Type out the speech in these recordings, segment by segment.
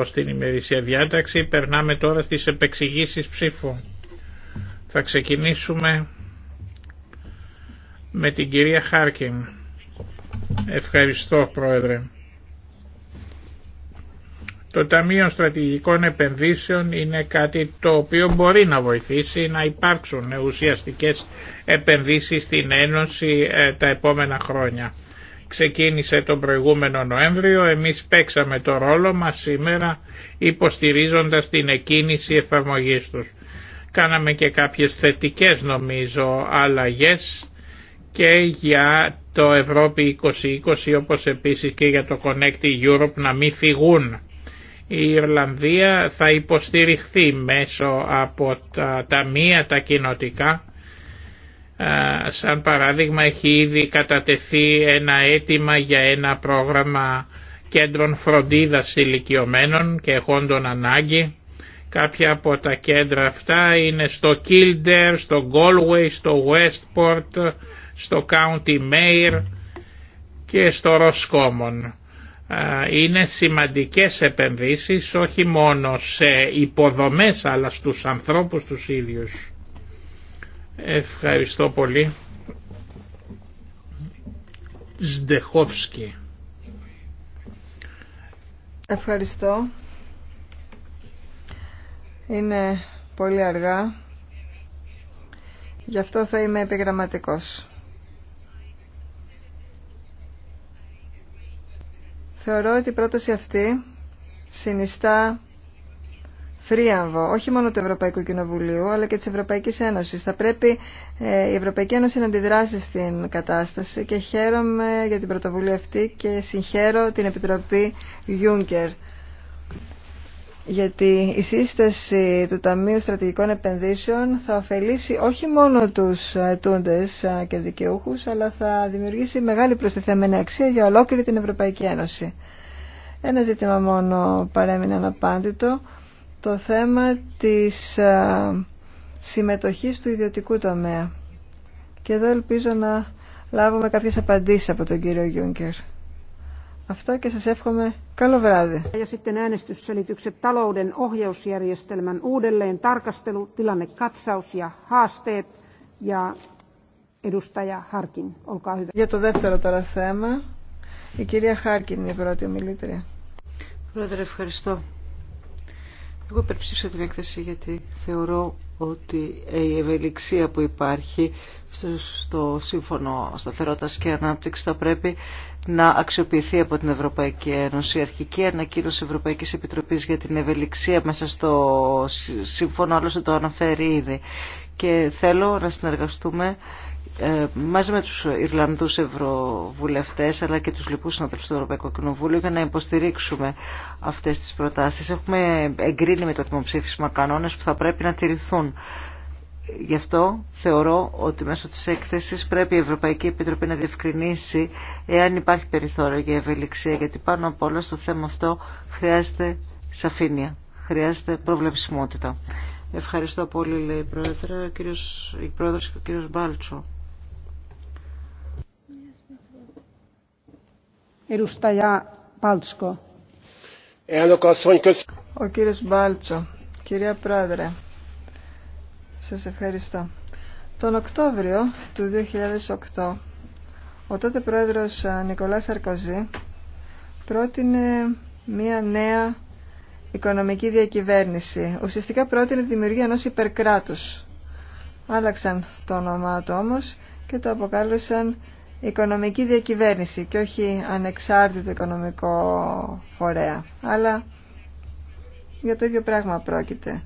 αυτό στην ημερησία διάταξη. Περνάμε τώρα στις επεξηγήσεις ψήφου. Θα ξεκινήσουμε με την κυρία Χάρκιν. Ευχαριστώ Πρόεδρε. Το Ταμείο Στρατηγικών Επενδύσεων είναι κάτι το οποίο μπορεί να βοηθήσει να υπάρξουν ουσιαστικές επενδύσεις στην Ένωση ε, τα επόμενα χρόνια ξεκίνησε τον προηγούμενο Νοέμβριο, εμείς παίξαμε το ρόλο μας σήμερα υποστηρίζοντας την εκκίνηση εφαρμογής τους. Κάναμε και κάποιες θετικές νομίζω αλλαγές και για το Ευρώπη 2020 όπως επίσης και για το Connect Europe να μην φυγούν. Η Ιρλανδία θα υποστηριχθεί μέσω από τα ταμεία τα κοινοτικά σαν παράδειγμα έχει ήδη κατατεθεί ένα αίτημα για ένα πρόγραμμα κέντρων φροντίδας ηλικιωμένων και έχοντων ανάγκη. Κάποια από τα κέντρα αυτά είναι στο Kildare, στο Galway, στο Westport, στο County Mayor και στο Roscommon. Είναι σημαντικές επενδύσεις όχι μόνο σε υποδομές αλλά στους ανθρώπους τους ίδιους. Ευχαριστώ πολύ. Σντεχόφσκι. Ευχαριστώ. Είναι πολύ αργά. Γι' αυτό θα είμαι επιγραμματικός. Θεωρώ ότι η πρόταση αυτή συνιστά θρίαμβο όχι μόνο του Ευρωπαϊκού Κοινοβουλίου αλλά και της Ευρωπαϊκής Ένωσης. Θα πρέπει ε, η Ευρωπαϊκή Ένωση να αντιδράσει στην κατάσταση και χαίρομαι για την πρωτοβουλία αυτή και συγχαίρω την Επιτροπή Juncker γιατί η σύσταση του Ταμείου Στρατηγικών Επενδύσεων θα ωφελήσει όχι μόνο τους ετούντε ε, και δικαιούχους, αλλά θα δημιουργήσει μεγάλη προστιθέμενη αξία για ολόκληρη την Ευρωπαϊκή Ένωση. Ένα ζήτημα μόνο παρέμεινε αναπάντητο, το θέμα της συμμετοχής του ιδιωτικού τομέα. Και εδώ ελπίζω να λάβουμε κάποιες απαντήσεις από τον κύριο Γιούνκερ. Αυτά και σας εύχομαι καλό βράδυ. Ja sitten äänestysselitykset talouden ohjausjärjestelmän uudelleen tarkastelu, tilannekatsaus ja haasteet ja edustaja Harkin, olkaa hyvä. Για το δεύτερο τώρα θέμα, η κυρία Χάρκιν η πρώτη ομιλήτρια. Πρόεδρε, ευχαριστώ. Εγώ υπερψήφισα την έκθεση γιατί θεωρώ ότι η ευελιξία που υπάρχει στο Σύμφωνο Σταθερότητα και Ανάπτυξη θα πρέπει να αξιοποιηθεί από την Ευρωπαϊκή Ένωση. Η αρχική ανακοίνωση Ευρωπαϊκή Επιτροπή για την ευελιξία μέσα στο Σύμφωνο άλλωστε το αναφέρει ήδη. Και θέλω να συνεργαστούμε ε, μαζί με τους Ιρλανδούς Ευρωβουλευτές αλλά και τους λοιπούς συναδελφούς του Ευρωπαϊκού Κοινοβούλου για να υποστηρίξουμε αυτές τις προτάσεις. Έχουμε εγκρίνει με το δημοψήφισμα κανόνες που θα πρέπει να τηρηθούν Γι' αυτό θεωρώ ότι μέσω της έκθεσης πρέπει η Ευρωπαϊκή Επιτροπή να διευκρινίσει εάν υπάρχει περιθώριο για ευελιξία, γιατί πάνω απ' όλα στο θέμα αυτό χρειάζεται σαφήνεια, χρειάζεται προβλεψιμότητα. Ευχαριστώ πολύ, λέει η Πρόεδρε, κύριος, η Πρόεδρος και ο κύριος Μπάλτσο. Ο κύριος Μπάλτσο, κυρία Πρόεδρε, σας ευχαριστώ. Τον Οκτώβριο του 2008, ο τότε πρόεδρος ε, Νικολάς Σαρκοζή πρότεινε μία νέα οικονομική διακυβέρνηση. Ουσιαστικά πρότεινε τη δημιουργία ενός υπερκράτους. Άλλαξαν το όνομά του όμως και το αποκάλεσαν οικονομική διακυβέρνηση και όχι ανεξάρτητο οικονομικό φορέα. Αλλά για το ίδιο πράγμα πρόκειται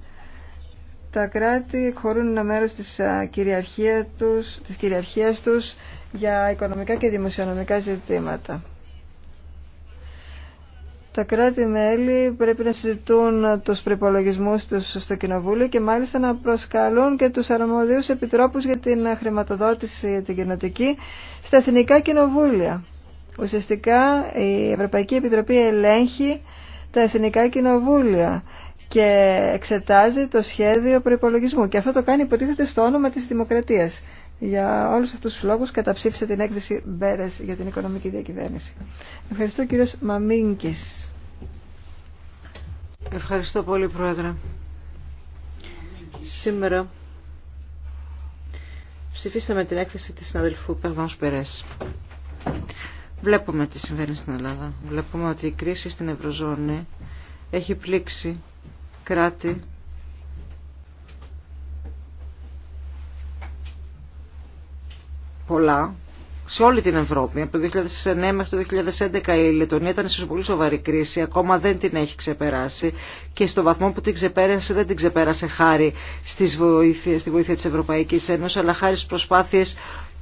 τα κράτη χωρούν ένα μέρος της, κυριαρχία τους, της κυριαρχίας τους για οικονομικά και δημοσιονομικά ζητήματα. Τα κράτη-μέλη πρέπει να συζητούν τους προπολογισμού τους στο Κοινοβούλιο και μάλιστα να προσκαλούν και τους αρμοδίους επιτρόπους για την χρηματοδότηση την κοινοτική στα Εθνικά Κοινοβούλια. Ουσιαστικά η Ευρωπαϊκή Επιτροπή ελέγχει τα Εθνικά Κοινοβούλια και εξετάζει το σχέδιο προπολογισμού. Και αυτό το κάνει υποτίθεται στο όνομα της δημοκρατίας. Για όλους αυτούς τους λόγους καταψήφισε την έκθεση Μπέρες για την οικονομική διακυβέρνηση. Ευχαριστώ κύριος Μαμίνκης. Ευχαριστώ πολύ Πρόεδρε. Σήμερα ψηφίσαμε την έκθεση της συναδελφού Περβάνς Περές. Βλέπουμε τι συμβαίνει στην Ελλάδα. Βλέπουμε ότι η κρίση στην Ευρωζώνη έχει πλήξει κράτη. Πολλά. Σε όλη την Ευρώπη, από το 2009 μέχρι το 2011 η Λετωνία ήταν σε πολύ σοβαρή κρίση, ακόμα δεν την έχει ξεπεράσει και στο βαθμό που την ξεπέρασε δεν την ξεπέρασε χάρη στις βοήθειες, στη βοήθεια της Ευρωπαϊκής Ένωσης, αλλά χάρη στις προσπάθειες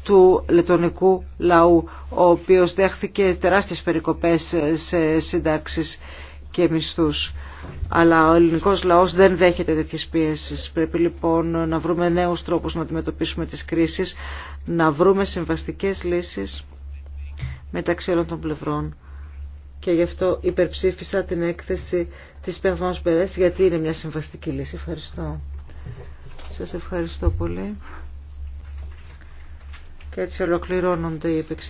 του λετωνικού λαού, ο οποίος δέχθηκε τεράστιες περικοπές σε συντάξεις και μισθούς αλλά ο ελληνικός λαός δεν δέχεται τέτοιες πιέσεις. Πρέπει λοιπόν να βρούμε νέους τρόπους να αντιμετωπίσουμε τις κρίσεις, να βρούμε συμβαστικές λύσεις μεταξύ όλων των πλευρών. Και γι' αυτό υπερψήφισα την έκθεση της Περβάνος Περές, γιατί είναι μια συμβαστική λύση. Ευχαριστώ. Σας ευχαριστώ πολύ. Και έτσι ολοκληρώνονται